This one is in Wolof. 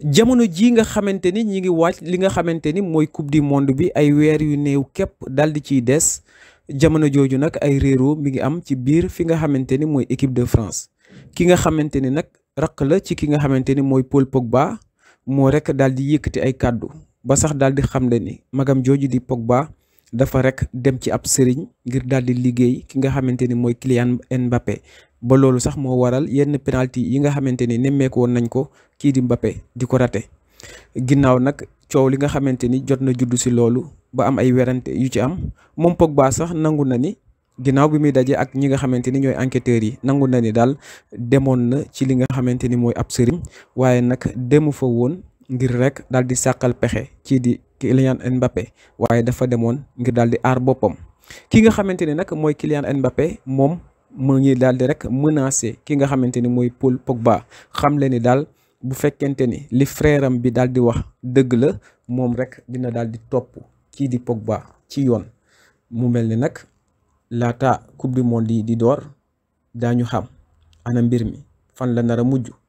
jamono jii nga xamante ni ñi ngi wàcc li nga xamante ni mooy coupe du monde bi ay weer yu néew kepp dal di ciy des jamono jooju nag ay réeroo mi ngi am ci biir fi nga xamante ni mooy équipe de France ki nga xamante ni nag raq la ci ki nga xamante ni mooy Paul Pogba moo rek daal di yëkkati ay kàddu ba sax daal di xam ne ni magam jooju di Pogba dafa rek dem ci ab sëriñ ngir daal di liggéey ki nga xamante ni mooy Kylian Mbappé ba loolu sax moo waral yenn penalti yi nga xamante ni nemmeeku woon nañ ko kii di Mbappé di ko raté ginnaaw nag coow li nga xamante ni jot na juddu si loolu ba am ay werante yu ci am moom baa sax nangu na ni ginnaaw bi muy dajee ak ñi nga xamante ni ñooy enquêteurs yi nangu na ni daal demoon na ci li nga xamante ni mooy ab sëriñ waaye nag demu fa woon ngir rek daal di sàqal pexe kii di Kylian mbappe waaye dafa demoon ngir daal di aar boppam ki nga xamante ni nag mooy Kylian Mbappé moom. mu ngi daal di rek menacer ki nga xamante ni mooy Paul Pogba xam le ni daal bu fekkente ni li freeram bi daal di wax dëgg la moom rek dina daal di topp kii di Pogba ci yoon mu mel ni nag laata coupe du monde di door daañu xam ana mbir mi fan la nar a mujj.